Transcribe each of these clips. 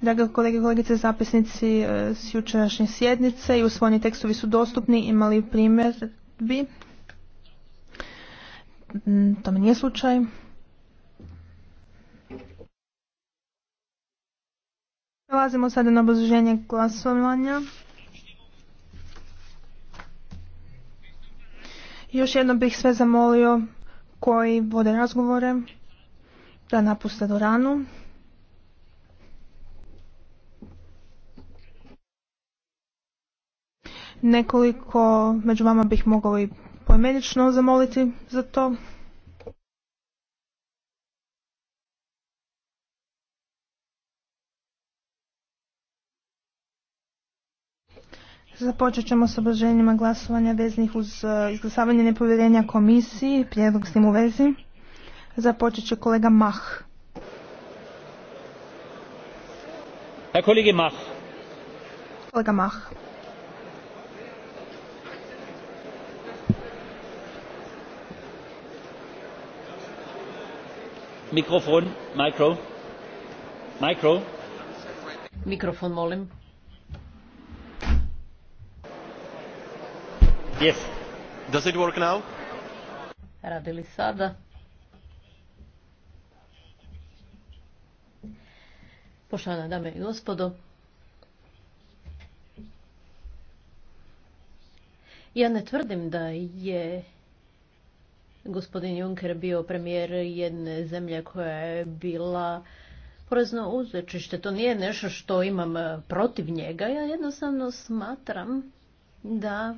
Drage kolege i kolegice, zapisnici e, s jučerašnje sjednice i usvojeni tekstovi su dostupni. Imali primjedbi. Mm, Tome nije slučaj. Prelazimo sada na obrazloženje glasovanja. Još jednom bih sve zamolio koji vode razgovore da napuste doranu. Nekoliko među vama bih mogao i poimenično zamoliti za to. Započet ćemo s obraženjima glasovanja veznih uz e, izglasavanje nepovjerenja komisiji, prijedlog s tim u vezi. Započet će kolega Mah. Herr Kollege Mach. Kolega Mach. Mikrofon, mikro. Mikro. Mikrofon, molim. Yes. Does it work now? Radi li sada? Poštovane dame i gospodo, ja ne tvrdim da je gospodin Juncker bio premijer jedne zemlje koja je bila porezno uzrečište. To nije nešto što imam e, protiv njega. Ja jednostavno smatram da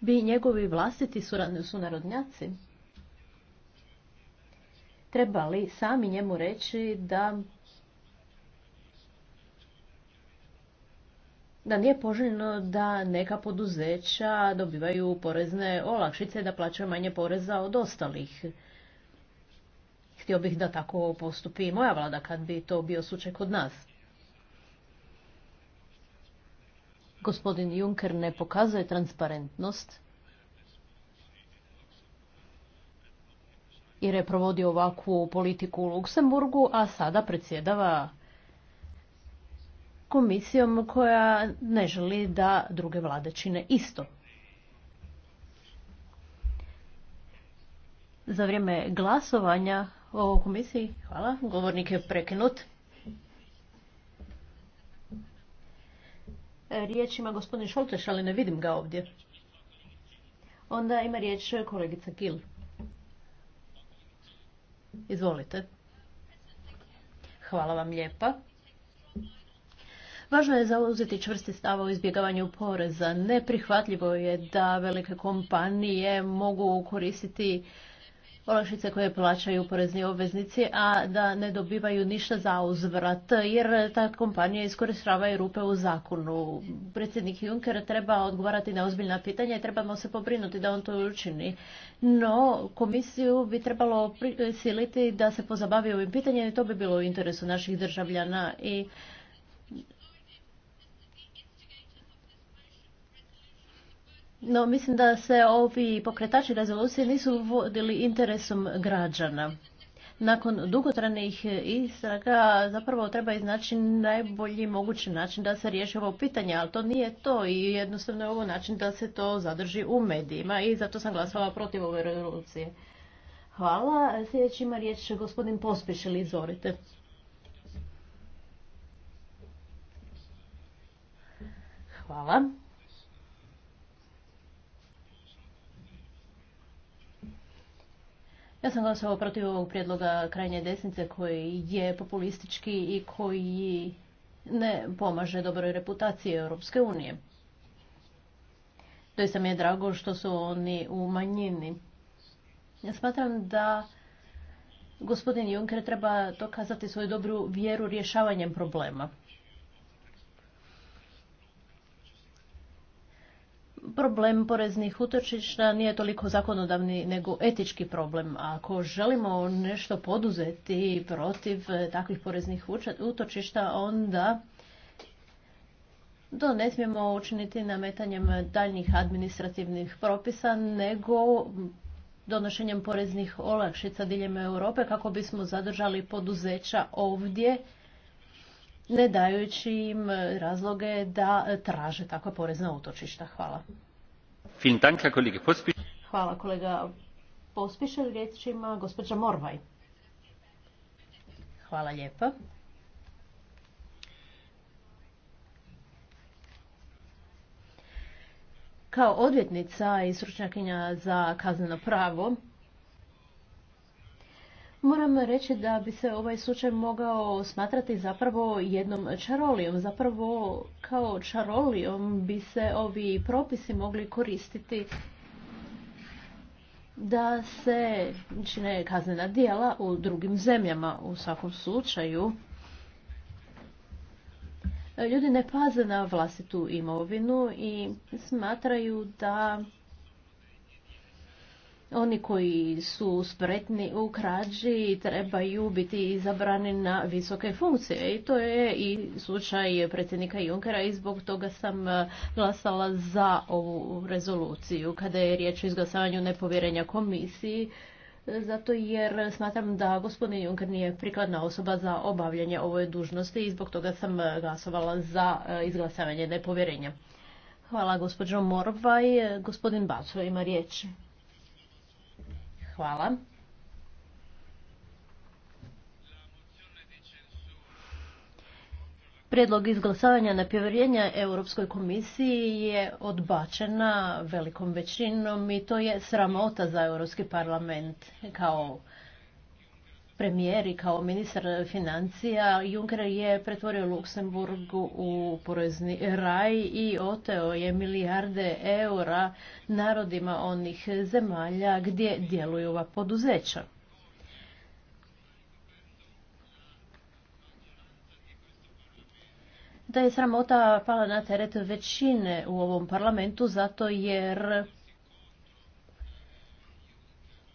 bi njegovi vlastiti sunarodnjaci trebali sami njemu reći da da nije poželjno da neka poduzeća dobivaju porezne olakšice da plaćaju manje poreza od ostalih. Htio bih da tako postupi i moja vlada kad bi to bio slučaj kod nas. Gospodin Juncker ne pokazuje transparentnost jer je provodio ovakvu politiku u Luksemburgu, a sada predsjedava komisijom koja ne želi da druge vlade čine isto. Za vrijeme glasovanja o komisiji, hvala, govornik je prekinut. Riječ ima gospodin Šolteš, ali ne vidim ga ovdje. Onda ima riječ kolegica Gil. Izvolite. Hvala vam lijepa. Važno je zauzeti čvrsti stav o izbjegavanju poreza. Neprihvatljivo je da velike kompanije mogu koristiti olakšice koje plaćaju porezni obveznici, a da ne dobivaju ništa za uzvrat, jer ta kompanija i rupe u zakonu. Predsjednik Juncker treba odgovarati na ozbiljna pitanja i trebamo se pobrinuti da on to učini. No, komisiju bi trebalo prisiliti da se pozabavi ovim pitanjem i to bi bilo u interesu naših državljana i No, mislim da se ovi pokretači rezolucije nisu vodili interesom građana. Nakon dugotranih istraga zapravo treba iznaći najbolji mogući način da se riješi ovo pitanje, ali to nije to i jednostavno je ovo način da se to zadrži u medijima i zato sam glasala protiv ove rezolucije. Hvala. Sljedeći ima riječ gospodin ili izvolite. Hvala. Ja sam glasovao protiv ovog prijedloga krajnje desnice koji je populistički i koji ne pomaže dobroj reputaciji Europske unije. Doista mi je drago što su oni u manjini. Ja smatram da gospodin Juncker treba dokazati svoju dobru vjeru rješavanjem problema. problem poreznih utočišta nije toliko zakonodavni nego etički problem. Ako želimo nešto poduzeti protiv e, takvih poreznih utočišta, onda to ne smijemo učiniti nametanjem daljnjih administrativnih propisa, nego donošenjem poreznih olakšica diljem Europe kako bismo zadržali poduzeća ovdje ne dajući im razloge da traže takva porezna utočišta. Hvala. Hvala kolega Pospišel. Riječ ima gospođa Morvaj. Hvala lijepa. Kao odvjetnica i stručnjakinja za kazneno pravo, Moram reći da bi se ovaj slučaj mogao smatrati zapravo jednom čarolijom. Zapravo kao čarolijom bi se ovi propisi mogli koristiti da se čine kaznena djela u drugim zemljama u svakom slučaju. Ljudi ne paze na vlastitu imovinu i smatraju da oni koji su spretni u krađi trebaju biti izabrani na visoke funkcije i to je i slučaj predsjednika Junkera i zbog toga sam eh, glasala za ovu rezoluciju kada je riječ o izglasavanju nepovjerenja komisiji eh, zato jer smatram da gospodin Juncker nije prikladna osoba za obavljanje ove dužnosti i zbog toga sam eh, glasovala za izglasavanje nepovjerenja. Hvala gospođo Morvaj. Gospodin Baco ima riječ. Hvala. Prijedlog izglasavanja nepovjerenja Europskoj komisiji je odbačena velikom većinom i to je sramota za Europski parlament kao premijer i kao ministar financija Juncker je pretvorio Luksemburg u porezni raj i oteo je milijarde eura narodima onih zemalja gdje djeluju ova poduzeća. Da je sramota pala na teret većine u ovom parlamentu zato jer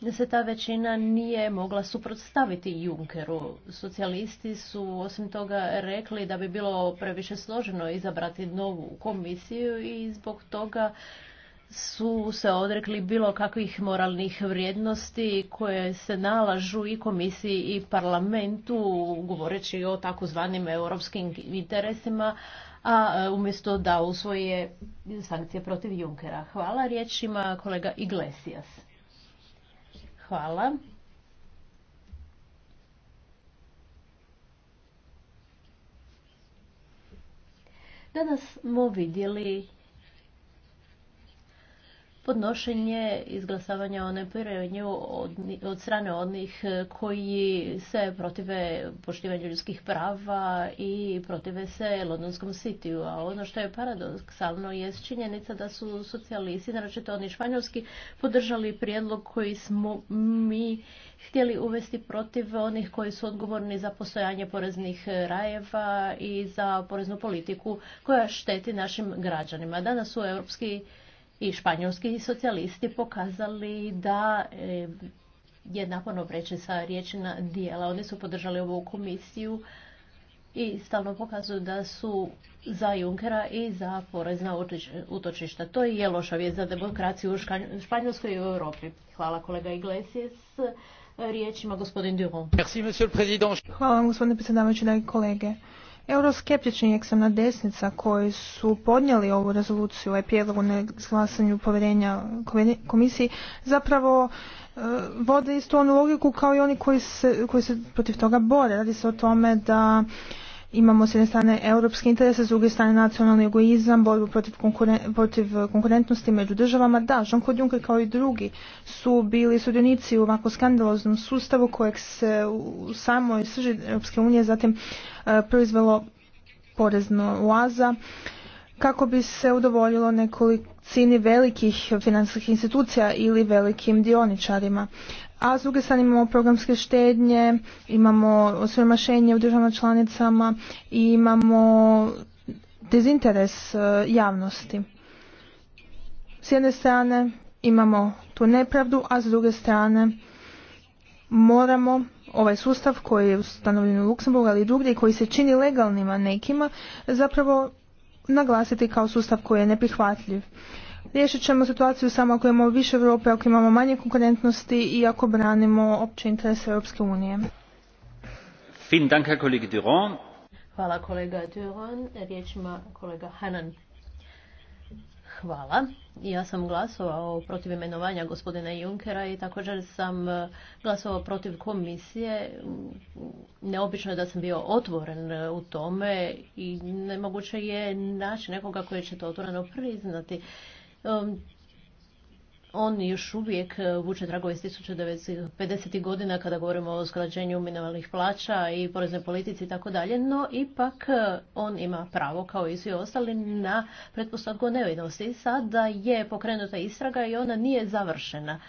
da se ta većina nije mogla suprotstaviti Junkeru. Socijalisti su osim toga rekli da bi bilo previše složeno izabrati novu komisiju i zbog toga su se odrekli bilo kakvih moralnih vrijednosti koje se nalažu i komisiji i parlamentu govoreći o takozvanim europskim interesima, a e, umjesto da usvoje sankcije protiv Junkera. Hvala riječima kolega Iglesias. Hvala. Danas smo vidjeli podnošenje izglasavanja o nepovjerenju od, od strane onih e, koji se protive poštivanju ljudskih prava i protive se Londonskom sitiju. A ono što je paradoksalno je činjenica da su socijalisti, naročito oni španjolski, podržali prijedlog koji smo mi htjeli uvesti protiv onih koji su odgovorni za postojanje poreznih e, rajeva i za poreznu politiku koja šteti našim građanima. Danas su europski i španjolski socijalisti pokazali da e, je naporno sa riječi dijela. Oni su podržali ovu komisiju i stalno pokazuju da su za Junkera i za porezna utočišta. To je loša vijest za demokraciju u Španjolskoj i u Europi. Hvala kolega Iglesias. Riječ ima gospodin Duron. Hvala vam gospodine predsjedavajući, kolege euroskeptični i ekstremna desnica koji su podnijeli ovu rezoluciju, ovaj prijedlog na neglasanju povjerenja komisiji, zapravo e, vode istu onu logiku kao i oni koji se, koji se protiv toga bore. Radi se o tome da imamo s jedne strane europske interese, s druge strane nacionalni egoizam, borbu protiv, konkuren protiv e, konkurentnosti među državama. Da, Jean-Claude Juncker kao i drugi su bili sudionici u ovako skandaloznom sustavu kojeg se u samoj srži Europske unije zatim e, proizvelo porezno uaza kako bi se udovoljilo nekolicini velikih financijskih institucija ili velikim dioničarima a s druge strane imamo programske štednje, imamo osvrmašenje u državama članicama i imamo dezinteres e, javnosti. S jedne strane imamo tu nepravdu, a s druge strane moramo ovaj sustav koji je ustanovljen u Luksemburgu ali i drugdje i koji se čini legalnima nekima zapravo naglasiti kao sustav koji je neprihvatljiv. Riješit ćemo situaciju samo ako imamo više Europe, ako imamo manje konkurentnosti i ako branimo opće interese Europske unije. Hvala kolega Duron. Riječ ima kolega Hanan. Hvala. Ja sam glasovao protiv imenovanja gospodina Junkera i također sam glasovao protiv komisije. Neobično je da sam bio otvoren u tome i nemoguće je naći nekoga koji će to otvoreno priznati on još uvijek e, vuče tragove iz 1950. godina kada govorimo o usklađenju minimalnih plaća i poreznoj politici i tako dalje, no ipak e, on ima pravo kao i svi ostali na pretpostavku nevinosti. Sada je pokrenuta istraga i ona nije završena.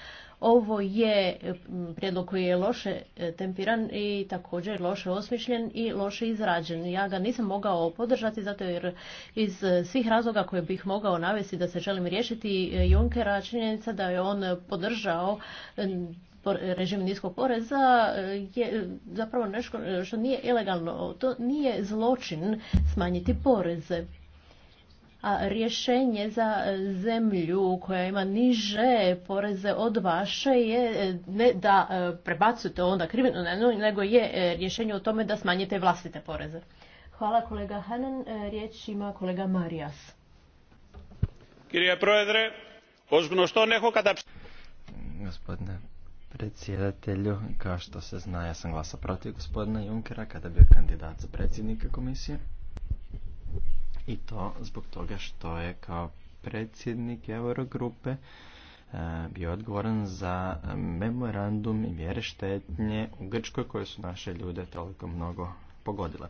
Ovo je mm, prijedlog koji je loše e, tempiran i također loše osmišljen i loše izrađen. Ja ga nisam mogao podržati zato jer iz e, svih razloga koje bih mogao navesti da se želim riješiti e, Junkera činjenica da je on podržao režim niskog poreza je zapravo nešto što nije ilegalno. To nije zločin smanjiti poreze a rješenje za e, zemlju koja ima niže poreze od vaše je e, ne da e, prebacujete onda krivinu na nego je rješenje o tome da smanjite vlastite poreze. Hvala kolega Hanan. Riječ ima kolega Marijas. Gospodine predsjedatelju, kao što se zna, ja sam glasao protiv gospodina Junkera kada bio kandidat za predsjednika komisije. I to zbog toga što je kao predsjednik Eurogrupe e, bio odgovoran za memorandum i mjere štetnje u Grčkoj koje su naše ljude toliko mnogo pogodile.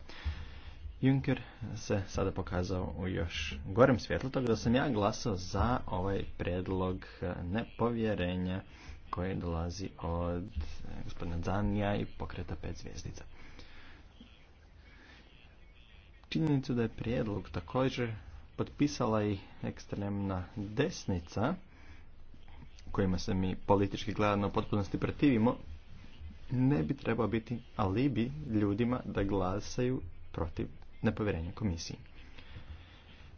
Juncker se sada pokazao u još gorem svjetlu, tako da sam ja glasao za ovaj predlog nepovjerenja koji dolazi od e, gospodina Zanija i pokreta pet zvijezdica činjenicu da je prijedlog također potpisala i ekstremna desnica, kojima se mi politički gledano u potpunosti protivimo, ne bi trebao biti alibi ljudima da glasaju protiv nepovjerenja komisiji.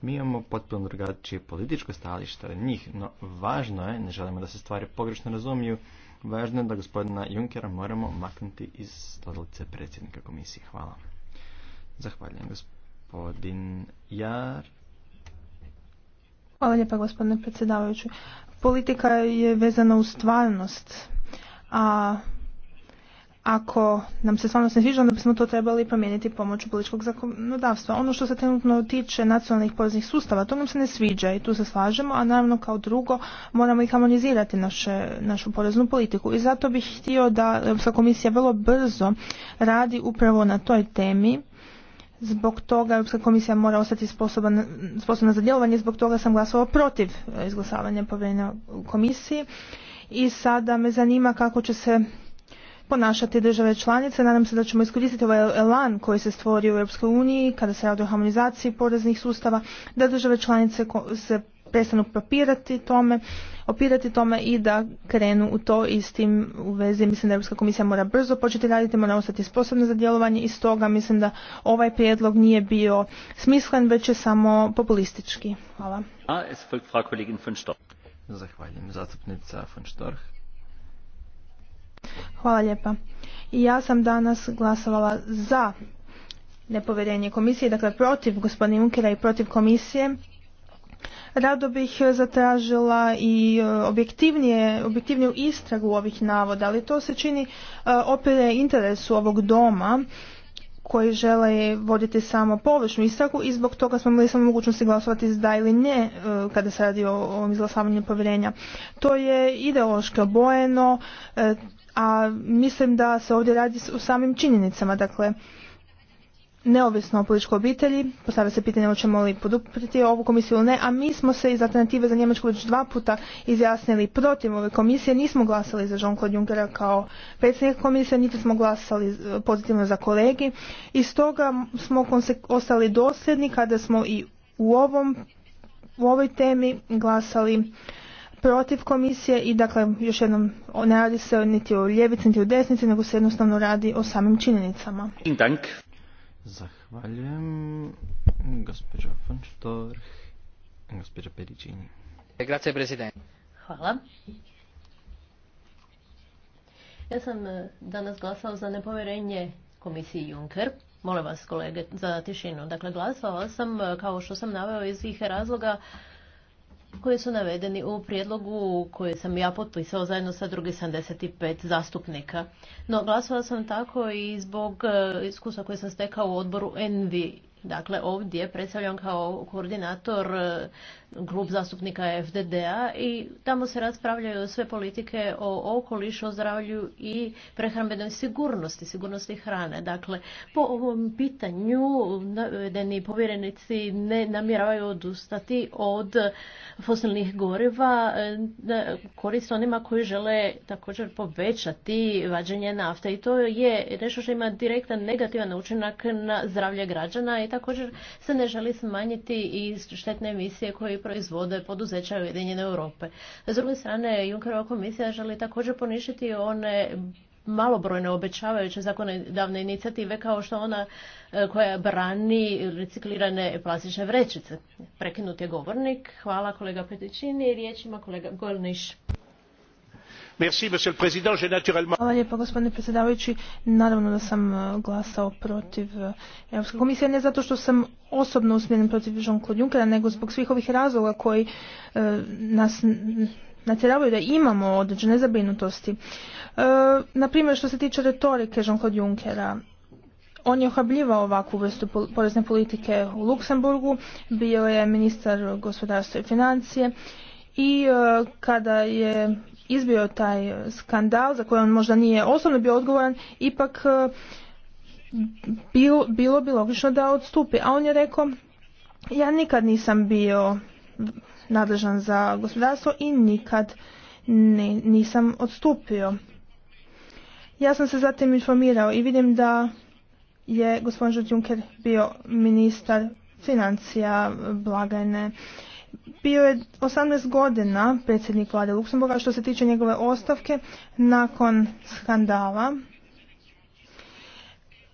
Mi imamo potpuno drugačije političko stajalište od njih, no važno je, ne želimo da se stvari pogrešno razumiju, važno je da gospodina Junkera moramo maknuti iz stolice predsjednika komisije. Hvala. Zahvaljujem gospodinu. Gospodin Jar. Hvala gospodine predsjedavajući. Politika je vezana u stvarnost, a ako nam se stvarno ne sviđa, onda bismo to trebali promijeniti pomoću političkog zakonodavstva. Ono što se trenutno tiče nacionalnih poreznih sustava, to nam se ne sviđa i tu se slažemo, a naravno kao drugo moramo i harmonizirati naše, našu poreznu politiku. I zato bih htio da Europska komisija vrlo brzo radi upravo na toj temi Zbog toga Europska komisija mora ostati sposobna za djelovanje, zbog toga sam glasovao protiv e, izglasavanja povjerenja komisiji. I sada me zanima kako će se ponašati države članice. Nadam se da ćemo iskoristiti ovaj elan koji se stvori u Europskoj uniji kada se radi o harmonizaciji poreznih sustava, da države članice se prestanu papirati tome, opirati tome i da krenu u to i s tim u vezi mislim da Europska komisija mora brzo početi raditi, mora ostati sposobna za djelovanje i stoga mislim da ovaj prijedlog nije bio smislen već je samo populistički. Hvala. Zahvaljujem. Zastupnica von Storch. Hvala lijepa. Ja sam danas glasovala za nepovjerenje komisije, dakle protiv gospodina Junkera i protiv komisije Rado bih e, zatražila i e, objektivniju istragu ovih navoda, ali to se čini e, opere interesu ovog doma koji žele voditi samo površnu istragu i zbog toga smo imali samo mogućnosti glasovati da ili ne kada se radi o ovom izglasavanju povjerenja. To je ideološko bojeno, a mislim da se ovdje radi o samim činjenicama. Dakle, neovisno o političkoj obitelji. Postavlja se pitanje hoćemo li poduprijeti ovu komisiju ili ne, a mi smo se iz alternative za Njemačku već dva puta izjasnili protiv ove komisije. Nismo glasali za Jean-Claude Junckera kao predsjednik komisije, niti smo glasali pozitivno za kolegi. I stoga smo ostali dosljedni kada smo i u, ovom, u ovoj temi glasali protiv komisije i dakle još jednom ne radi se niti o ljevici niti o desnici nego se jednostavno radi o samim činjenicama. Zahvaljujem, gospođo Fonštor, gospođo Pericini. Grazie, prezident. Hvala. Ja sam e, danas glasao za nepoverenje komisiji Juncker. Molim vas kolege za tišinu. Dakle, glasao sam, e, kao što sam naveo iz svih razloga, koji su navedeni u prijedlogu koji sam ja potpisao zajedno sa drugi 75 zastupnika. No glasovala sam tako i zbog e, iskustva koje sam stekao u odboru Envi Dakle, ovdje predstavljam kao koordinator klub e, zastupnika FDD-a i tamo se raspravljaju sve politike o okolišu, o zdravlju i prehrambenoj sigurnosti, sigurnosti hrane. Dakle, po ovom pitanju navedeni povjerenici ne namjeravaju odustati od fosilnih goriva e, korist onima koji žele također povećati vađenje nafte i to je nešto što ima direktan negativan učinak na zdravlje građana i također se ne želi smanjiti i štetne emisije koje proizvode poduzeća Ujedinjene Europe. S druge strane, Junkerova komisija želi također poništiti one malobrojne obećavajuće zakonodavne inicijative kao što ona e, koja brani reciklirane plastične vrećice. Prekinut je govornik. Hvala kolega Petričini Riječ ima kolega Golniš. Hvala gospodine predsjedavajući. Naravno da sam e, glasao protiv e, Europske komisije, ne zato što sam osobno usmjeren protiv Jean-Claude Junckera, nego zbog svih ovih razloga koji e, nas natjeravaju da imamo određene zabrinutosti. Na primjer što se tiče retorike Jean-Claude Junckera, on je ohabljivao ovakvu vrstu porezne politike u Luksemburgu, bio je ministar gospodarstva i financije i kada je izbio taj skandal za koji on možda nije osobno bio odgovoran, ipak e, bilo, bilo bi logično da odstupi. A on je rekao, ja nikad nisam bio nadležan za gospodarstvo i nikad nisam odstupio. Ja sam se zatim informirao i vidim da je gospodin Juncker bio ministar financija, blagajne, bio je 18 godina predsjednik vlade Luksemburga što se tiče njegove ostavke nakon skandala.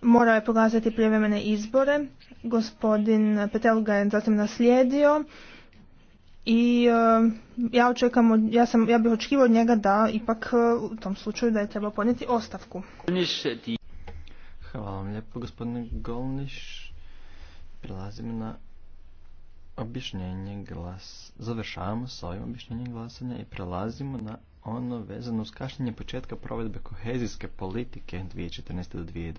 Morao je proglasiti prijevremene izbore. Gospodin Petel ga je zatim naslijedio i e, ja očekam, ja, sam, ja bih očekivao od njega da ipak e, u tom slučaju da je trebao podnijeti ostavku. Hvala vam lijepo gospodine Golniš. na objašnjenje glas. Završavamo s ovim objašnjenjem glasanja i prelazimo na ono vezano uz kašnjenje početka provedbe kohezijske politike 2014. do 2020.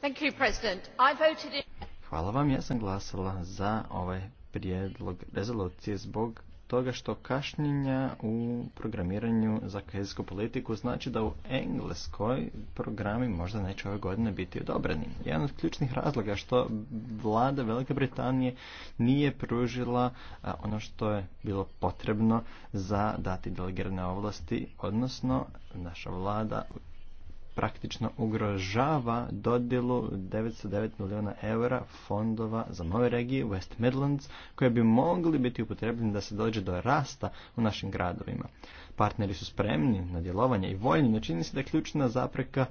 Thank you, Hvala vam, ja sam glasala za ovaj prijedlog rezolucije zbog toga što kašnjenja u programiranju za kohezijsku politiku znači da u Engleskoj programi možda neće ove godine biti odobreni. Jedan od ključnih razloga što vlada Velike Britanije nije pružila ono što je bilo potrebno za dati delegirane ovlasti, odnosno naša vlada praktično ugrožava dodjelu 909 milijuna eura fondova za nove regije West Midlands koje bi mogli biti upotrebljeni da se dođe do rasta u našim gradovima. Partneri su spremni na djelovanje i voljni, no čini se da je ključna zapreka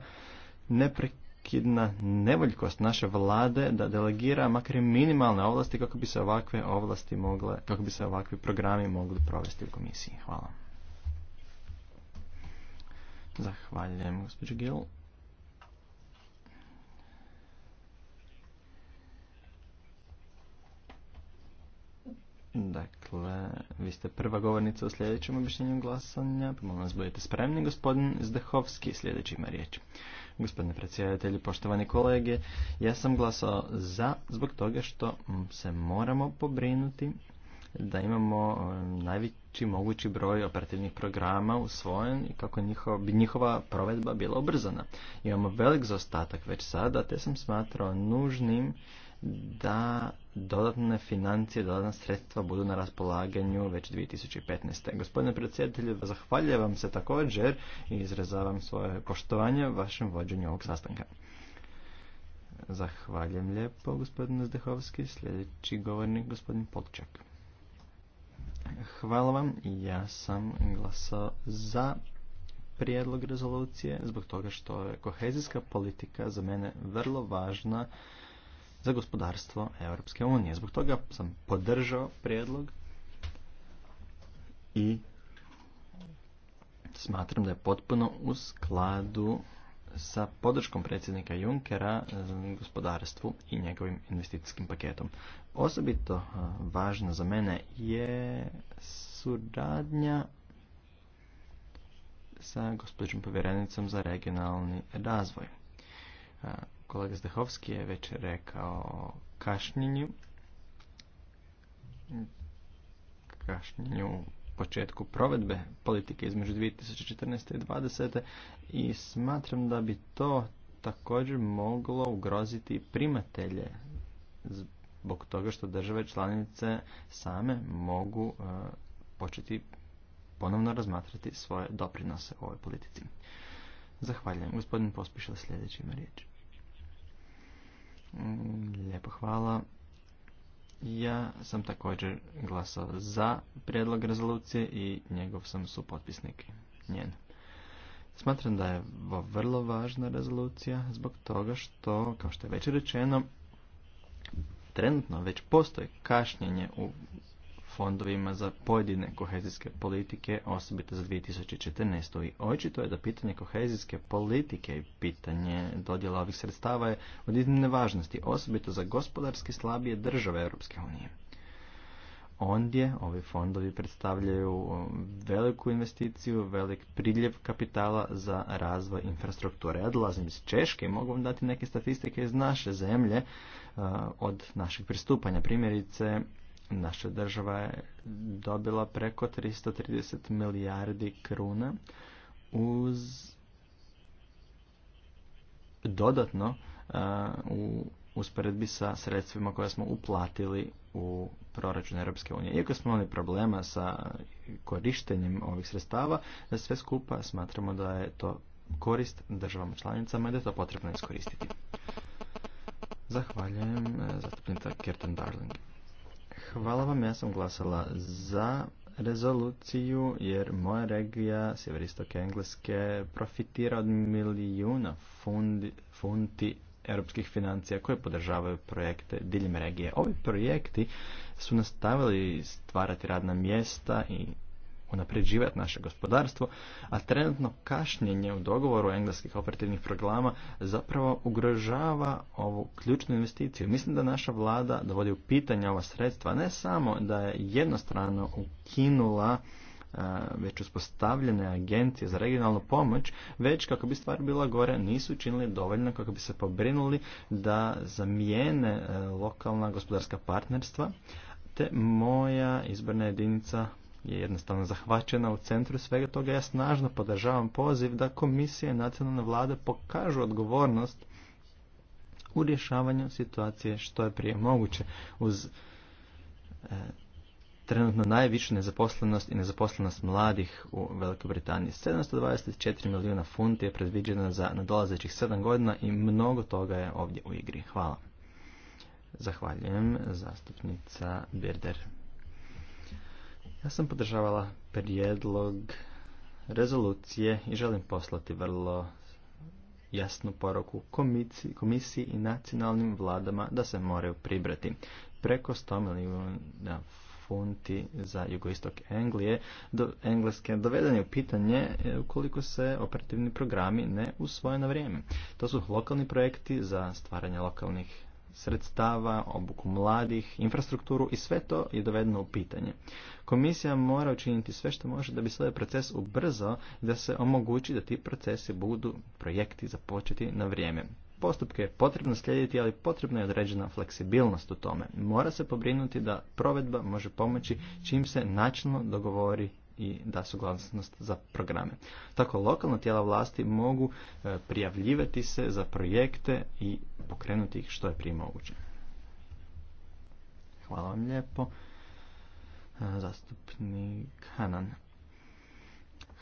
neprekidna nevoljkost naše vlade da delegira makar minimalne ovlasti kako bi se ovakve ovlasti mogle, kako bi se ovakvi programi mogli provesti u komisiji. Hvala. Zahvaljujem, gospođo Gil. Dakle, vi ste prva govornica u sljedećem objašnjenju glasanja. Molim vas, budete spremni. Gospodin Zdehovski sljedeći ima riječ. Gospodine predsjedatelji, poštovani kolege, ja sam glasao za zbog toga što se moramo pobrinuti da imamo um, najveći najveći mogući broj operativnih programa usvojen i kako bi njihova provedba bila ubrzana. Imamo velik zaostatak već sada, te sam smatrao nužnim da dodatne financije, dodatna sredstva budu na raspolaganju već 2015. Gospodine predsjedatelju, zahvaljujem vam se također i izrezavam svoje poštovanje vašem vođenju ovog sastanka. Zahvaljujem lijepo, gospodine Zdehovski. Sljedeći govornik, gospodin Polčak. Hvala vam. Ja sam glasao za prijedlog rezolucije zbog toga što je kohezijska politika za mene vrlo važna za gospodarstvo Europske unije. Zbog toga sam podržao prijedlog i smatram da je potpuno u skladu sa podrškom predsjednika Junkera e, gospodarstvu i njegovim investicijskim paketom. Osobito e, važno za mene je suradnja sa gospođom povjerenicom za regionalni razvoj. E, kolega Zdehovski je već rekao kašnjenju kašnjenju početku provedbe politike između 2014. i 2020. i smatram da bi to također moglo ugroziti primatelje zbog toga što države članice same mogu e, početi ponovno razmatrati svoje doprinose ovoj politici. Zahvaljujem. Gospodin pospišao sljedeći ima riječ. Mm, lijepo hvala. Ja sam također glasao za prijedlog rezolucije i njegov sam supotpisnik njen. Smatram da je ovo vrlo važna rezolucija zbog toga što, kao što je već rečeno, trenutno već postoji kašnjenje u fondovima za pojedine kohezijske politike, osobito za 2014. I očito je da pitanje kohezijske politike i pitanje dodjela ovih sredstava je od iznimne važnosti, osobito za gospodarski slabije države Europske unije. Ondje ovi fondovi predstavljaju veliku investiciju, velik priljev kapitala za razvoj infrastrukture. Ja dolazim iz Češke i mogu vam dati neke statistike iz naše zemlje od našeg pristupanja. Primjerice, Naša država je dobila preko 330 milijardi kruna uz dodatno u usporedbi sa sredstvima koja smo uplatili u proračun Europske unije. Iako smo imali problema sa korištenjem ovih sredstava, sve skupa smatramo da je to korist državama članicama i da je to potrebno iskoristiti. Zahvaljujem e, zastupnika Kirtan Darling. Hvala vam, ja sam glasala za rezoluciju jer moja regija, sjeveristok Engleske, profitira od milijuna fundi, funti europskih financija koje podržavaju projekte diljem regije. Ovi projekti su nastavili stvarati radna mjesta i unapređivati naše gospodarstvo, a trenutno kašnjenje u dogovoru engleskih operativnih programa zapravo ugrožava ovu ključnu investiciju. Mislim da naša vlada dovodi u pitanje ova sredstva, ne samo da je jednostrano ukinula e, već uspostavljene agencije za regionalnu pomoć, već kako bi stvar bila gore, nisu učinili dovoljno kako bi se pobrinuli da zamijene e, lokalna gospodarska partnerstva, te moja izborna jedinica je jednostavno zahvaćena u centru svega toga. Ja snažno podržavam poziv da komisije i nacionalne vlade pokažu odgovornost u rješavanju situacije što je prije moguće uz e, trenutno najvišu nezaposlenost i nezaposlenost mladih u Velikoj Britaniji. 724 milijuna funti je predviđena za nadolazećih 7 godina i mnogo toga je ovdje u igri. Hvala. Zahvaljujem zastupnica Birder. Ja sam podržavala prijedlog rezolucije i želim poslati vrlo jasnu poruku komisiji, komisiji i nacionalnim vladama da se moraju pribrati. Preko 100 milijuna funti za jugoistok Englije, do, Engleske dovedanje u pitanje e, ukoliko se operativni programi ne usvoje na vrijeme. To su lokalni projekti za stvaranje lokalnih sredstava, obuku mladih, infrastrukturu i sve to je dovedeno u pitanje. Komisija mora učiniti sve što može da bi svoj proces ubrzao da se omogući da ti procesi budu projekti započeti na vrijeme. Postupke je potrebno slijediti, ali potrebna je određena fleksibilnost u tome. Mora se pobrinuti da provedba može pomoći čim se načinno dogovori i da suglasnost za programe. Tako lokalna tijela vlasti mogu e, prijavljivati se za projekte i pokrenuti ih što je prije moguće. Hvala vam lijepo. E, zastupnik Hanan.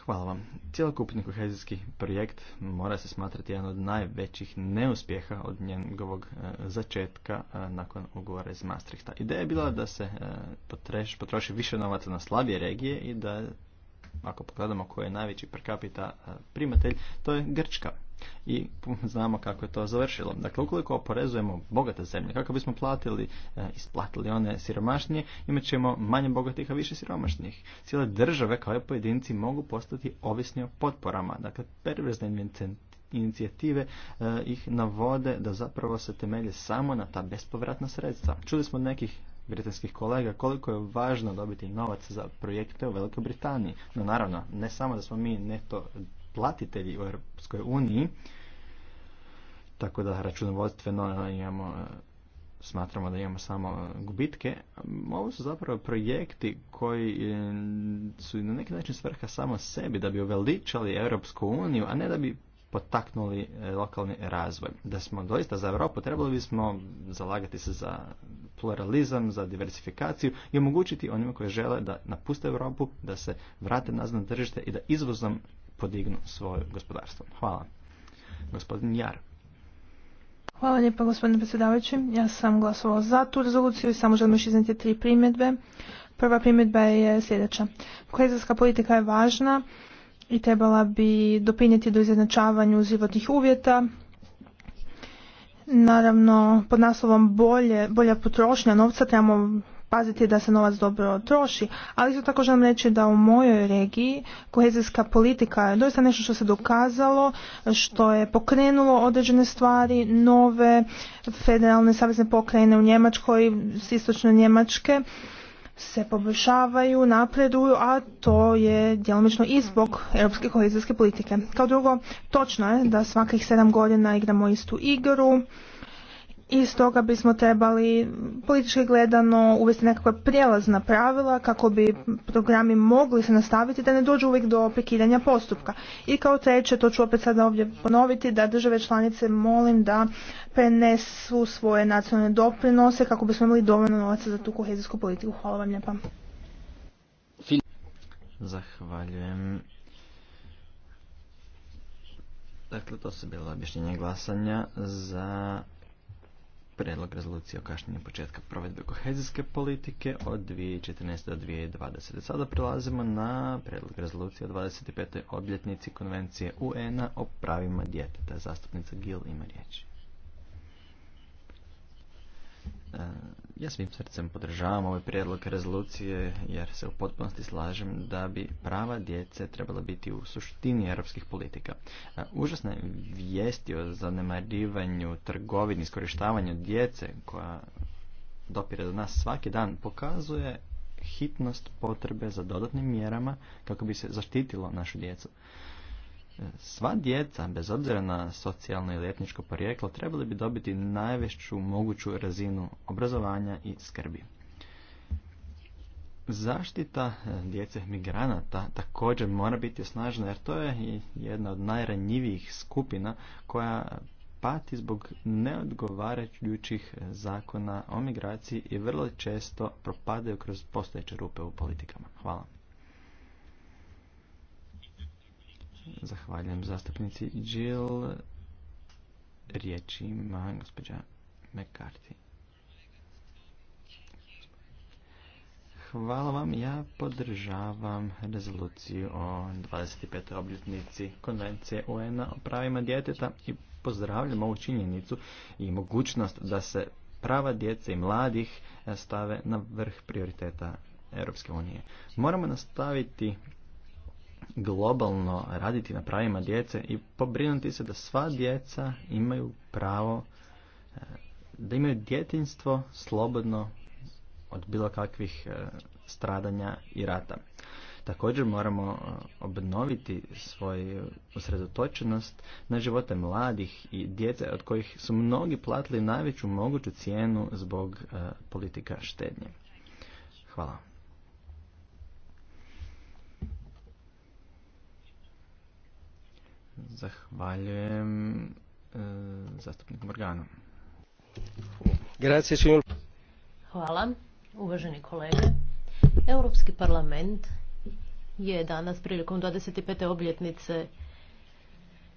Hvala vam. Cjelokupni kohezijski projekt mora se smatrati jedan od najvećih neuspjeha od njegovog e, začetka e, nakon ugovora iz Maastrichta. Ideja je bila da se e, potroši više novaca na slabije regije i da, ako pogledamo koji je najveći per capita primatelj, to je Grčka i znamo kako je to završilo. Dakle, ukoliko oporezujemo bogate zemlje, kako bismo platili, e, isplatili one siromašnije, imat ćemo manje bogatih, a više siromašnih. Cijele države kao i pojedinci mogu postati ovisni o potporama. Dakle, perverzne inicijative e, ih navode da zapravo se temelje samo na ta bespovratna sredstva. Čuli smo od nekih britanskih kolega koliko je važno dobiti novac za projekte u Velikoj Britaniji. No naravno, ne samo da smo mi neto platitelji u Europskoj uniji, tako da računovodstveno imamo smatramo da imamo samo gubitke. Ovo su zapravo projekti koji e, su na neki način svrha samo sebi da bi uveličali Europsku uniju, a ne da bi potaknuli e, lokalni razvoj. Da smo doista za Europu trebali bismo zalagati se za pluralizam, za diversifikaciju i omogućiti onima koji žele da napuste Europu, da se vrate nazad na tržište i da izvozom podignu svoje gospodarstvo. Hvala. Gospodin Jar. Hvala lijepa gospodine predsjedavajući. Ja sam glasovala za tu rezoluciju i samo želim još iznijeti tri primjedbe. Prva primjedba je sljedeća. Kohezijska politika je važna i trebala bi dopinjeti do izjednačavanju životnih uvjeta. Naravno, pod naslovom bolje, bolja potrošnja novca trebamo paziti da se novac dobro troši, ali isto tako želim reći da u mojoj regiji kohezijska politika je doista nešto što se dokazalo, što je pokrenulo određene stvari, nove federalne savezne pokrajine u Njemačkoj, s istočne Njemačke se poboljšavaju, napreduju, a to je djelomično i zbog europske kohezijske politike. Kao drugo, točno je da svakih sedam godina igramo istu igru, i stoga bismo trebali politički gledano uvesti nekakva prijelazna pravila kako bi programi mogli se nastaviti da ne dođu uvijek do prekidanja postupka. I kao treće, to ću opet sada ovdje ponoviti, da države članice molim da prenesu svoje nacionalne doprinose kako bismo imali dovoljno novaca za tu kohezijsku politiku. Hvala vam lijepa. Zahvaljujem. Dakle, to su bilo objašnjenja glasanja za Predlog rezolucije o kašnjenju početka provedbe kohezijske politike od 2014. do 2020. Sada prelazimo na predlog rezolucije o 25. obljetnici konvencije un o pravima djeteta. Zastupnica Gil ima riječ. E, ja svim srcem podržavam ovaj prijedlog rezolucije jer se u potpunosti slažem da bi prava djece trebala biti u suštini europskih politika. E, Užasne vijesti o zanemarivanju, trgovini, iskorištavanju djece koja dopire do nas svaki dan pokazuje hitnost potrebe za dodatnim mjerama kako bi se zaštitilo našu djecu. Sva djeca, bez obzira na socijalno ili etničko porijeklo, trebali bi dobiti najveću moguću razinu obrazovanja i skrbi. Zaštita e, djece migranata također mora biti snažna jer to je i jedna od najranjivijih skupina koja pati zbog neodgovarajućih zakona o migraciji i vrlo često propadaju kroz postojeće rupe u politikama. Hvala. Zahvaljujem zastupnici Jill. Riječ ima gospođa McCarthy. Hvala vam, ja podržavam rezoluciju o 25. obljetnici Konvencije un o pravima djeteta i pozdravljam ovu činjenicu i mogućnost da se prava djece i mladih stave na vrh prioriteta Europske unije. Moramo nastaviti globalno raditi na pravima djece i pobrinuti se da sva djeca imaju pravo eh, da imaju djetinstvo slobodno od bilo kakvih eh, stradanja i rata. Također moramo eh, obnoviti svoju usredotočenost na živote mladih i djece od kojih su mnogi platili najveću moguću cijenu zbog politika štednje. Hvala. Zahvaljujem e, zastupniku Morganu. Hvala, uvaženi kolege. Europski parlament je danas prilikom 25. obljetnice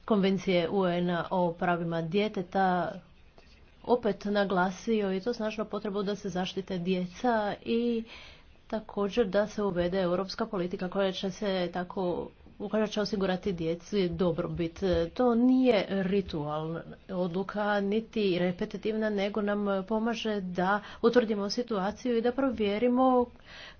Konvencije un o pravima djeteta opet naglasio i to snažno potrebu da se zaštite djeca i također da se uvede europska politika koja će se tako će osigurati djeci dobrobit. To nije ritual odluka, niti repetitivna, nego nam pomaže da utvrdimo situaciju i da provjerimo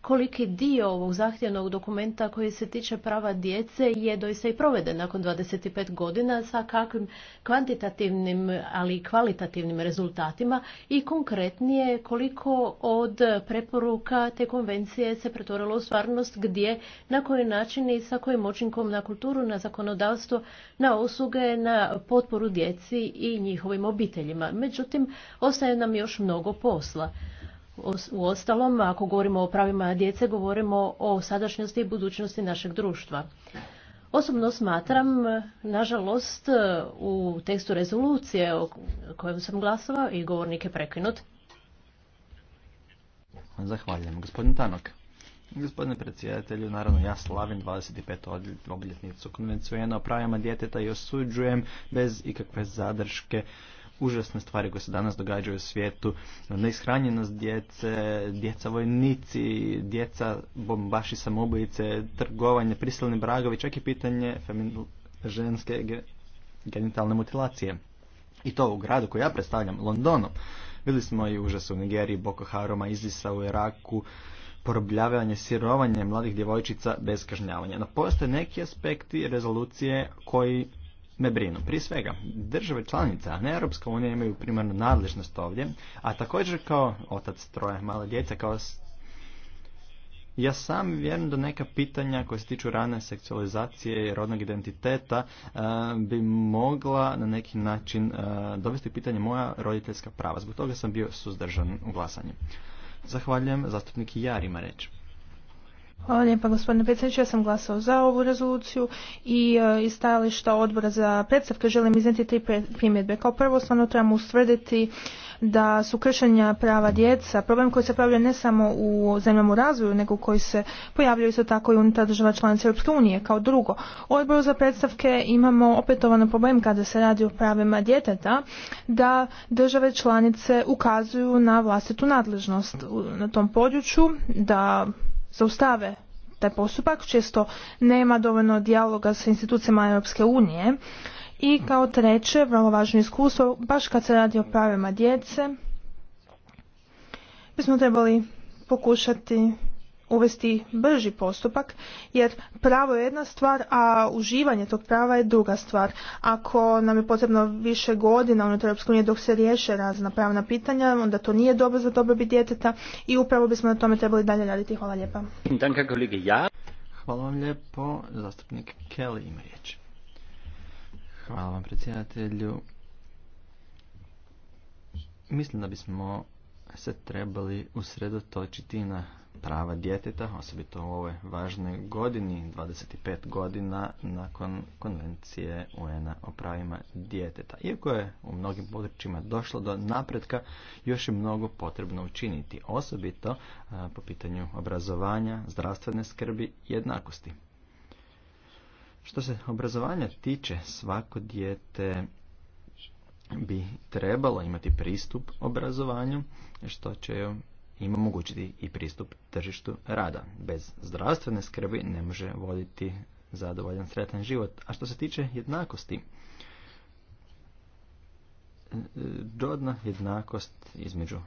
koliki dio ovog zahtjevnog dokumenta koji se tiče prava djece je doista i proveden nakon 25 godina sa kakvim kvantitativnim, ali i kvalitativnim rezultatima i konkretnije koliko od preporuka te konvencije se pretvorilo u stvarnost gdje, na koji način i sa kojim očinkom na kulturu, na zakonodavstvo, na usluge, na potporu djeci i njihovim obiteljima. Međutim, ostaje nam još mnogo posla. U ostalom, ako govorimo o pravima djece, govorimo o sadašnjosti i budućnosti našeg društva. Osobno smatram, nažalost, u tekstu rezolucije o kojem sam glasovao i govornik je prekinut. Zahvaljujem. Gospodin Tanok. Gospodine predsjedatelju, naravno ja slavim 25. obljetnicu konvenciju o pravima djeteta i osuđujem bez ikakve zadrške užasne stvari koje se danas događaju u svijetu, neishranjenost djece, djeca vojnici, djeca bombaši samobojice, trgovanje, prisilni bragovi, čak i pitanje ženske genitalne mutilacije. I to u gradu koji ja predstavljam, Londonu. Bili smo i užas u Nigeriji, Boko Haroma, Izisa u Iraku, porobljavanje, sirovanje mladih djevojčica bez kažnjavanja. No postoje neki aspekti rezolucije koji me brinu. Prije svega, države članica, a ne Europska unija, imaju primarnu nadležnost ovdje, a također kao otac troje mala djeca, kao ja sam vjerujem da neka pitanja koja se tiču rane seksualizacije i rodnog identiteta e, bi mogla na neki način e, dovesti pitanje moja roditeljska prava. Zbog toga sam bio suzdržan u glasanju. Zahvaljujem, zastupnik Jar ima reći. Hvala lijepa gospodine predsjedniče. Ja sam glasao za ovu rezoluciju i e, iz stajališta odbora za predstavke želim iznijeti tri primjedbe. Kao prvo stvarno trebamo ustvrditi da su kršenja prava djeca problem koji se pojavljuje ne samo u zemljama u razvoju, nego koji se pojavljuje isto tako i unutar država članica Europske unije. Kao drugo, u odboru za predstavke imamo opetovano problem kada se radi o pravima djeteta, da države članice ukazuju na vlastitu nadležnost na tom području, da zaustave taj postupak, često nema dovoljno dijaloga sa institucijama Europske unije i kao treće, vrlo važno iskustvo, baš kad se radi o pravima djece, bismo trebali pokušati uvesti brži postupak jer pravo je jedna stvar, a uživanje tog prava je druga stvar. Ako nam je potrebno više godina unutar Europske unije dok se riješe razna pravna pitanja, onda to nije dobro za dobrobit djeteta i upravo bismo na tome trebali dalje raditi. Hvala lijepa. Hvala vam lijepo. Zastupnik Kelly ima riječ. Hvala vam predsjedatelju. Mislim da bismo se trebali usredotočiti na prava djeteta, osobito u ovoj važnoj godini, 25 godina nakon konvencije UN-a o pravima djeteta. Iako je u mnogim područjima došlo do napretka, još je mnogo potrebno učiniti, osobito po pitanju obrazovanja, zdravstvene skrbi i jednakosti. Što se obrazovanja tiče, svako dijete bi trebalo imati pristup obrazovanju, što će ima omogućiti i pristup tržištu rada. Bez zdravstvene skrbi ne može voditi zadovoljan sretan život. A što se tiče jednakosti, rodna e, jednakost između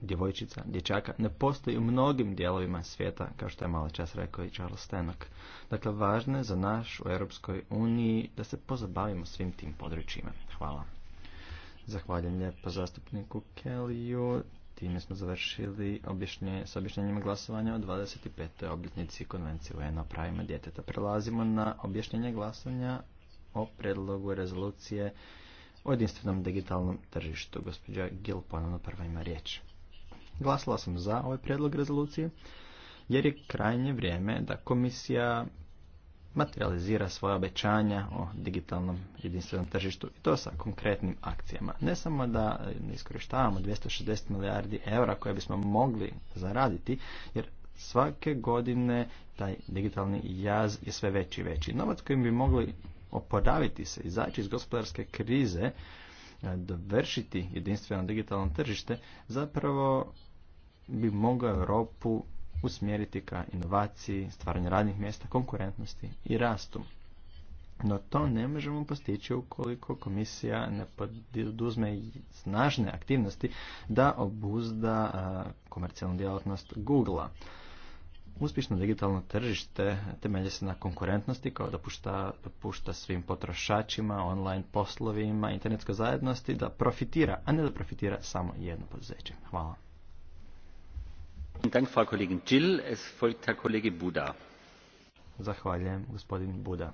djevojčica, dječaka ne postoji u mnogim dijelovima svijeta, kao što je malo čas rekao i Charles Stenok. Dakle, važno je za naš u Europskoj uniji da se pozabavimo svim tim područjima. Hvala. Zahvaljujem lijepo zastupniku Kellyu. Time smo završili s objašnjenjima glasovanja o 25. obljetnici konvencije u o pravima djeteta. Prelazimo na objašnjenje glasovanja o predlogu rezolucije o jedinstvenom digitalnom tržištu. Gospođa Gil ponovno prva ima riječ. Glasila sam za ovaj predlog rezolucije jer je krajnje vrijeme da komisija materializira svoje obećanja o digitalnom jedinstvenom tržištu i to sa konkretnim akcijama. Ne samo da ne iskorištavamo 260 milijardi eura koje bismo mogli zaraditi, jer svake godine taj digitalni jaz je sve veći i veći. Novac kojim bi mogli oporaviti se, izaći iz gospodarske krize, e, dovršiti jedinstveno digitalno tržište, zapravo bi mogao Europu usmjeriti ka inovaciji, stvaranju radnih mjesta, konkurentnosti i rastu. No to ne možemo postići ukoliko komisija ne poduzme snažne aktivnosti da obuzda komercijalnu djelatnost google -a. Uspješno digitalno tržište temelje se na konkurentnosti kao da pušta, svim potrošačima, online poslovima, internetskoj zajednosti da profitira, a ne da profitira samo jedno poduzeće. Hvala. Zahvaljujem, gospodin Buda.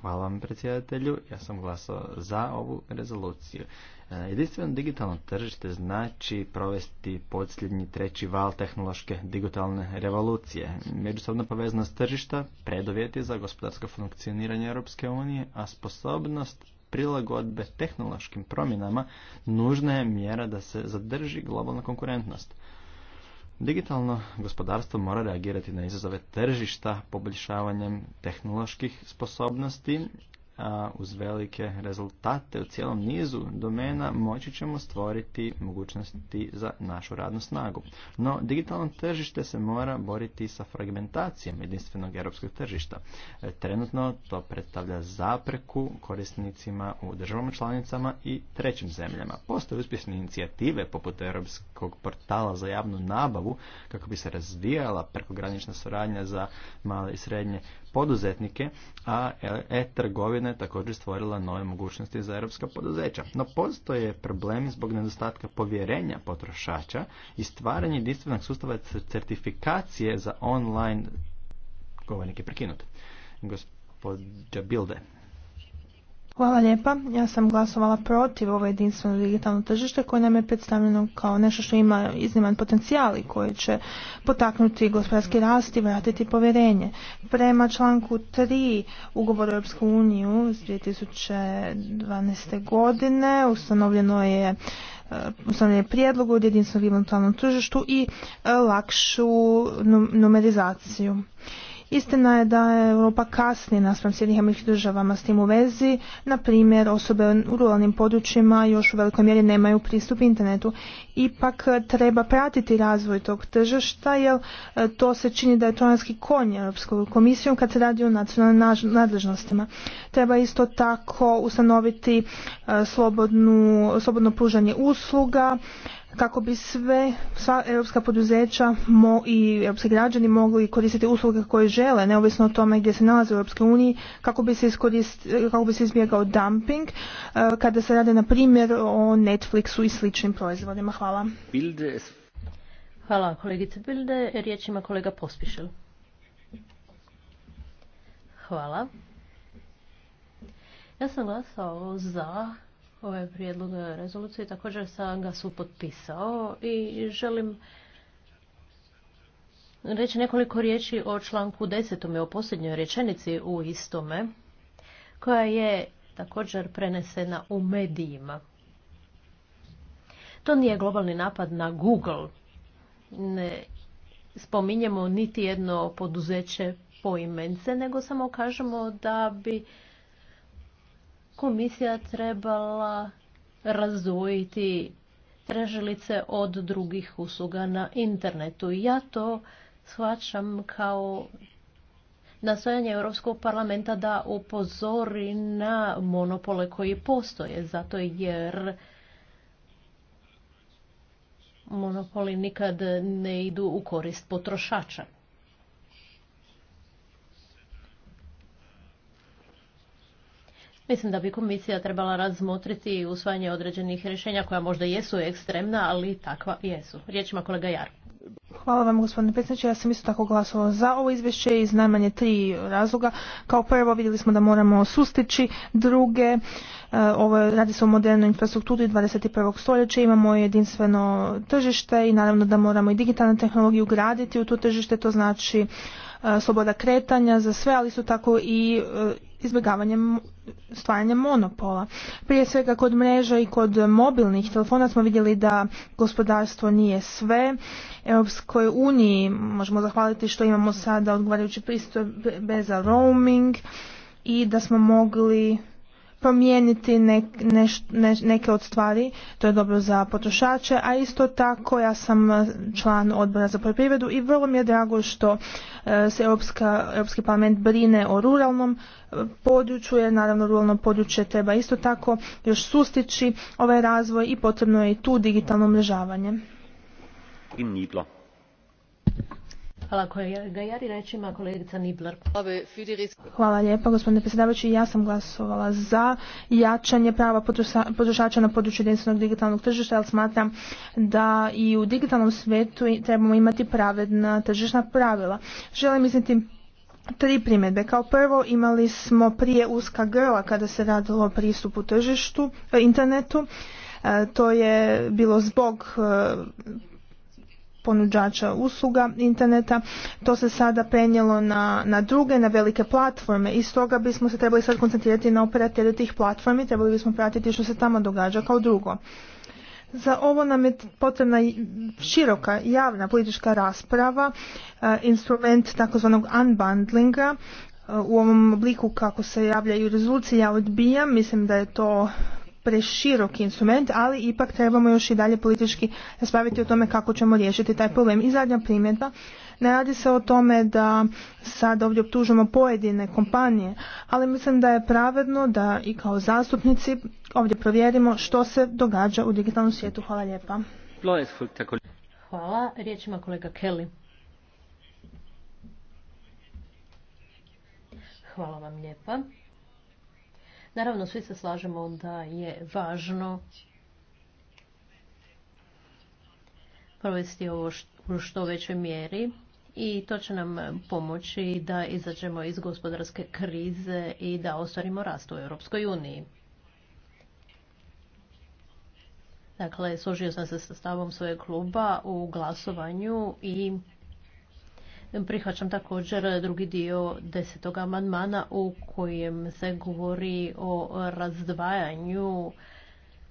Hvala vam predsjedatelju, ja sam glasao za ovu rezoluciju. E, jedinstveno digitalno tržište znači provesti posljednji treći val tehnološke digitalne revolucije. Međusobna povezanost tržišta preduvjet je za gospodarsko funkcioniranje Europske unije, a sposobnost prilagodbe tehnološkim promjenama nužna je mjera da se zadrži globalna konkurentnost. Digitalno gospodarstvo mora reagirati na izazove tržišta poboljšavanjem tehnoloških sposobnosti a uz velike rezultate u cijelom nizu domena moći ćemo stvoriti mogućnosti za našu radnu snagu. No, digitalno tržište se mora boriti sa fragmentacijom jedinstvenog europskog tržišta. E, trenutno to predstavlja zapreku korisnicima u državama članicama i trećim zemljama. Postoje uspješne inicijative poput Europskog portala za javnu nabavu kako bi se razvijala prekogranična suradnja za male i srednje poduzetnike, a e trgovine također stvorila nove mogućnosti za europska poduzeća. No postoje problemi zbog nedostatka povjerenja potrošača i stvaranje jedinstvenog sustava certifikacije za online govornik je prekinut. Gospodja Bilde. Hvala lijepa. Ja sam glasovala protiv ovo jedinstveno digitalno tržište koje nam je predstavljeno kao nešto što ima izniman potencijal i koje će potaknuti gospodarski rast i vratiti povjerenje. Prema članku 3 ugovora Europsku uniju iz 2012. godine ustanovljeno je e, je prijedlogu od jedinstvenog digitalnom tržištu i e, lakšu numerizaciju. Istina je da je Europa kasni naspram Sjednih američkih državama s tim u vezi. Na primjer, osobe u ruralnim područjima još u velikoj mjeri nemaju pristup internetu. Ipak eh, treba pratiti razvoj tog tržišta jer eh, to se čini da je tronarski konj Europskom komisijom kad se radi o nacionalnim nadležnostima. Treba isto tako ustanoviti eh, slobodno pružanje usluga, kako bi sve, sva europska poduzeća mo, i europski građani mogli koristiti usluge koje žele, neovisno o tome gdje se nalaze u Europskoj uniji, kako bi se, kako bi se izbjegao dumping, eh, kada se rade na primjer o Netflixu i sličnim proizvodima. Hvala. Hvala kolegice Bilde. Riječ ima kolega Pospišel. Hvala. Ja sam glasao za ovaj prijedlog rezolucije. Također sam ga su i želim reći nekoliko riječi o članku 10. o posljednjoj rečenici u istome, koja je također prenesena u medijima. To nije globalni napad na Google. Ne spominjemo niti jedno poduzeće imence, nego samo kažemo da bi komisija trebala razvojiti tražilice od drugih usluga na internetu. Ja to shvaćam kao nastojanje Europskog parlamenta da upozori na monopole koji postoje, zato jer monopoli nikad ne idu u korist potrošača. Mislim da bi komisija trebala razmotriti usvajanje određenih rješenja koja možda jesu ekstremna, ali takva jesu. Riječ ima kolega Jar. Hvala vam gospodine predsjedniče. Ja sam isto tako glasovao za ovo izvješće iz najmanje tri razloga. Kao prvo vidjeli smo da moramo sustići druge. E, ovo radi se o modernoj infrastrukturi 21. stoljeća. Imamo jedinstveno tržište i naravno da moramo i digitalnu tehnologiju graditi u to tržište. To znači e, sloboda kretanja za sve, ali su tako i e, izbjegavanjem stvaranja monopola. Prije svega kod mreža i kod mobilnih telefona smo vidjeli da gospodarstvo nije sve. Europskoj uniji možemo zahvaliti što imamo sada odgovarajući pristup Beza roaming i da smo mogli promijeniti neke od stvari, to je dobro za potrošače, a isto tako ja sam e, član odbora za poljoprivredu i vrlo mi je drago što e, se Europska, Europski parlament brine o ruralnom e, području, jer naravno ruralno područje treba isto tako još sustići ovaj razvoj i potrebno je i tu digitalno umrežavanje. Hvala Hvala lijepa gospodine predsjedavajući. Ja sam glasovala za jačanje prava potrošača na području jedinstvenog digitalnog tržišta, ali smatram da i u digitalnom svijetu trebamo imati pravedna tržišna pravila. Želim izniti Tri primjedbe. Kao prvo imali smo prije uska grla kada se radilo o pristupu tržištu, e, internetu. E, to je bilo zbog e, ponuđača usluga interneta. To se sada penjelo na, na druge, na velike platforme i stoga bismo se trebali sad koncentrirati na operatere tih platformi, trebali bismo pratiti što se tamo događa kao drugo. Za ovo nam je potrebna široka javna politička rasprava, e, instrument takozvanog unbundlinga, e, u ovom obliku kako se javljaju rezolucije ja odbijam. Mislim da je to preširok instrument, ali ipak trebamo još i dalje politički raspraviti o tome kako ćemo riješiti taj problem. I zadnja primjedba, ne radi se o tome da sad ovdje optužujemo pojedine kompanije, ali mislim da je pravedno da i kao zastupnici ovdje provjerimo što se događa u digitalnom svijetu. Hvala lijepa. Hvala. Riječ ima kolega Kelly. Hvala vam lijepa. Naravno, svi se slažemo da je važno provesti ovo u što većoj mjeri i to će nam pomoći da izađemo iz gospodarske krize i da ostvarimo rast u Europskoj uniji. Dakle, složio sam se sa stavom svojeg kluba u glasovanju i Prihvaćam također drugi dio desetog amandmana u kojem se govori o razdvajanju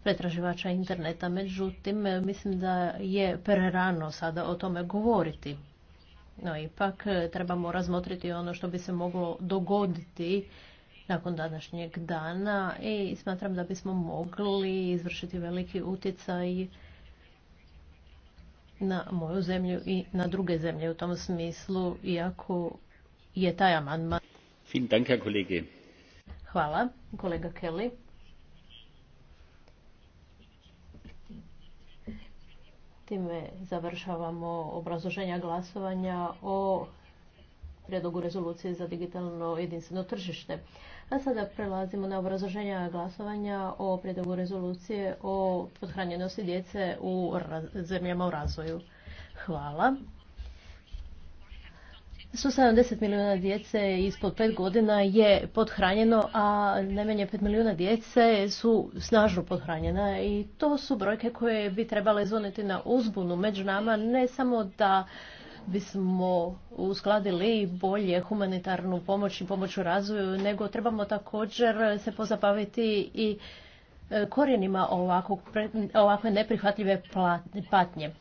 pretraživača interneta. Međutim, mislim da je prerano sada o tome govoriti. No, ipak trebamo razmotriti ono što bi se moglo dogoditi nakon današnjeg dana i smatram da bismo mogli izvršiti veliki utjecaj na moju zemlju i na druge zemlje u tom smislu, iako je taj amandman. Hvala, kolega Kelly. Time završavamo obrazoženja glasovanja o prijedlogu rezolucije za digitalno jedinstveno tržište. A sada prelazimo na obrazloženja glasovanja o prijedlogu rezolucije o podhranjenosti djece u zemljama u razvoju. Hvala. 170 milijuna djece ispod pet godina je podhranjeno, a najmanje 5 milijuna djece su snažno podhranjena i to su brojke koje bi trebale zvoniti na uzbunu među nama, ne samo da bismo uskladili bolje humanitarnu pomoć i pomoć u razvoju, nego trebamo također se pozabaviti i e, korijenima ovakve neprihvatljive patnje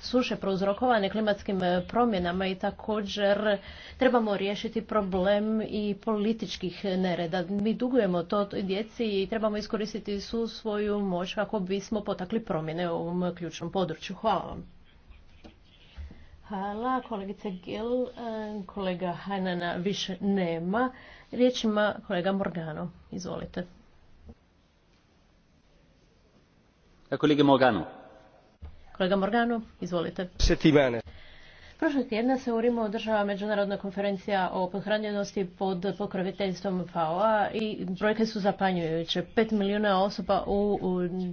suše prouzrokovane klimatskim e, promjenama i također trebamo riješiti problem i političkih nereda. Mi dugujemo to djeci i trebamo iskoristiti svu svoju moć kako bismo potakli promjene u ovom ključnom području. Hvala vam. Hvala kolegice Gil. E, kolega Hajnana više nema. Riječ ima kolega Morgano. Izvolite. E, kolega Morgano. Kolega Morgano, izvolite. Prošle tjedna se u Rimu održava međunarodna konferencija o pohranjenosti pod pokroviteljstvom FAO-a i brojke su zapanjujuće. 5 milijuna osoba u,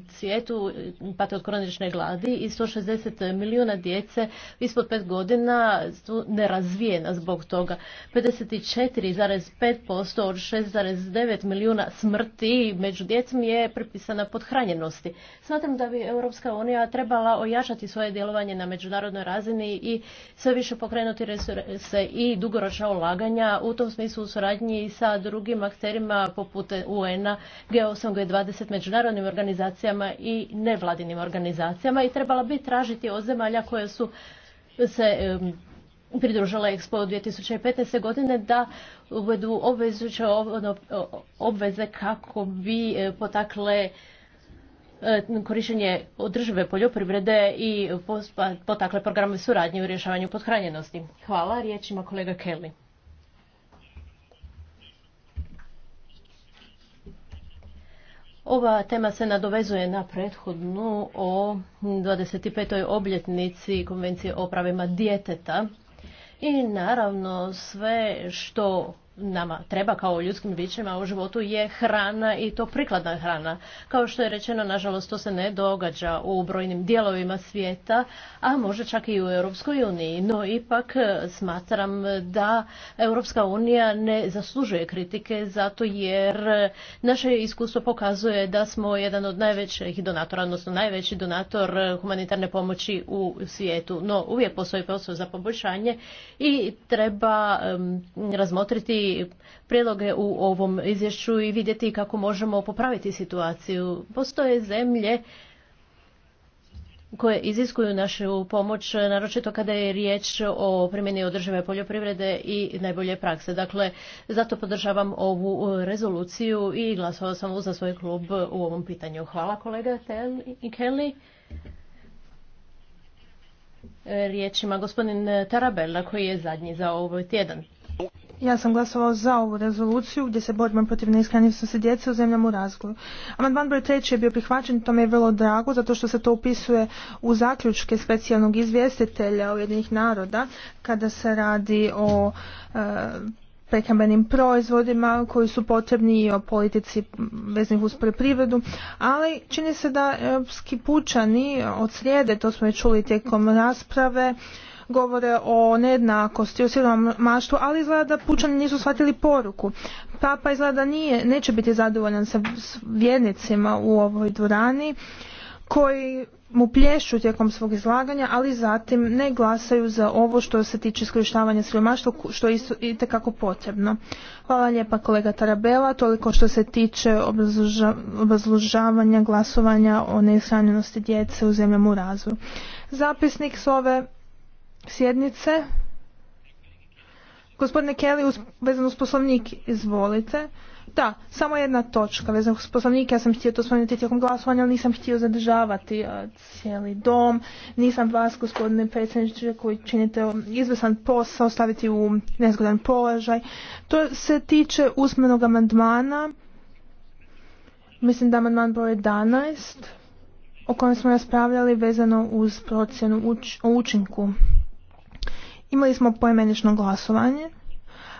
svijetu pate od kronične gladi i 160 milijuna djece ispod 5 godina su nerazvijena zbog toga. 54,5% od 6,9 milijuna smrti među djecom je pripisana podhranjenosti. Smatram da bi Europska unija trebala ojačati svoje djelovanje na međunarodnoj razini i sve više pokrenuti resurse i dugoročna ulaganja u tom smislu u suradnji sa drugim akterima poput UN-a, G8, G20, međunarodnim organizacijama i nevladinim organizacijama i trebala bi tražiti od zemalja koje su se pridružila Expo 2015. godine da uvedu obveze kako bi potakle E, korištenje održive poljoprivrede i potakle programe suradnje u rješavanju podhranjenosti. Hvala, riječ kolega Kelly. Ova tema se nadovezuje na prethodnu o 25. obljetnici Konvencije o pravima djeteta i naravno sve što nama treba kao ljudskim bićima u životu je hrana i to prikladna hrana. Kao što je rečeno, nažalost, to se ne događa u brojnim dijelovima svijeta, a može čak i u Europskoj uniji. No, ipak e, smatram da Europska unija ne zaslužuje kritike zato jer e, naše iskustvo pokazuje da smo jedan od najvećih donatora, odnosno najveći donator e, humanitarne pomoći u svijetu. No, uvijek postoji posao za poboljšanje i treba razmotriti priloge u ovom izvješću i vidjeti kako možemo popraviti situaciju. Postoje zemlje koje iziskuju našu pomoć, naročito kada je riječ o primjeni održive poljoprivrede i najbolje prakse. Dakle, zato podržavam ovu rezoluciju i glasovao sam za svoj klub u ovom pitanju. Hvala kolega Kelly. Riječ ima gospodin Tarabella koji je zadnji za ovaj tjedan. Ja sam glasovao za ovu rezoluciju gdje se borba protiv neiskranjivosti djece u zemljama u razvoju. Amandman broj 3 je bio prihvaćen, to mi je vrlo drago, zato što se to upisuje u zaključke specijalnog izvjestitelja Ujedinih naroda kada se radi o e, proizvodima koji su potrebni i o politici veznih uz poljoprivredu, ali čini se da europski pučani od srijede, to smo i čuli tijekom rasprave, govore o nejednakosti, o siromaštvu, ali izgleda da pučani nisu shvatili poruku. Papa izgleda nije, neće biti zadovoljan sa vjernicima u ovoj dvorani koji mu plješu tijekom svog izlaganja, ali zatim ne glasaju za ovo što se tiče iskorištavanja siromaštva, što je isto itekako potrebno. Hvala lijepa kolega Tarabela, toliko što se tiče obrazlužavanja glasovanja o neishranjenosti djece u zemljama u razvoju. Zapisnik s ove sjednice. Gospodine Kelly, vezano uz poslovnik, izvolite. Da, samo jedna točka vezano uz poslovnik. Ja sam htio to spomenuti tijekom glasovanja, ali nisam htio zadržavati cijeli dom. Nisam vas, gospodine predsjedniče, koji činite izvesan posao, staviti u nezgodan položaj. To se tiče usmenog amandmana. Mislim da amandman broj 11 o kojem smo raspravljali vezano uz procjenu o učinku. Imali smo poimenično glasovanje,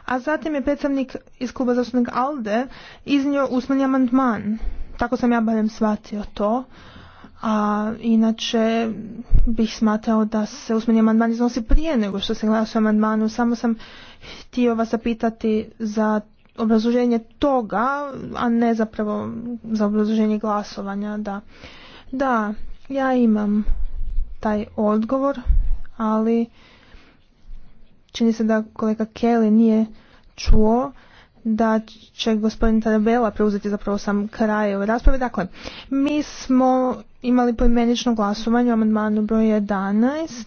a zatim je predstavnik iz kluba zastupnika ALDE iznio usmeni amandman. Tako sam ja barem shvatio to. A inače bih smatrao da se usmeni amandman iznosi prije nego što se glasa o amandmanu. Samo sam htio vas zapitati za obrazloženje toga, a ne zapravo za obrazloženje glasovanja. Da, da ja imam taj odgovor, ali Čini se da kolega Kelly nije čuo da će gospodin Tarabela preuzeti zapravo sam kraj ove rasprave. Dakle, mi smo imali poimenično glasovanje o amandmanu broj 11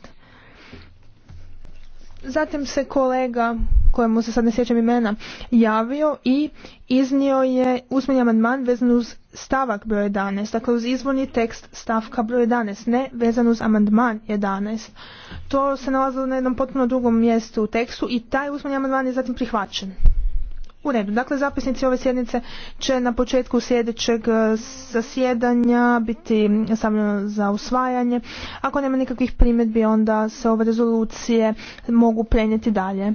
Zatim se kolega, kojemu se sad ne sjećam imena, javio i iznio je usmeni amandman vezan uz stavak broj 11, dakle uz izvorni tekst stavka broj 11, ne vezan uz amandman 11. To se nalazilo na jednom potpuno drugom mjestu u tekstu i taj usmeni amandman je zatim prihvaćen. U redu, dakle zapisnici ove sjednice će na početku sljedećeg e, zasjedanja biti samljeno za usvajanje. Ako nema nikakvih primjedbi onda se ove rezolucije mogu prenijeti dalje.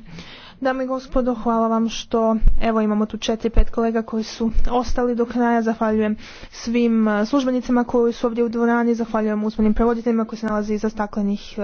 Dame i gospodo, hvala vam što evo imamo tu četiri, pet kolega koji su ostali do kraja. Zahvaljujem svim e, službenicima koji su ovdje u dvorani, zahvaljujem usmenim prevoditeljima koji se nalazi iza staklenih e,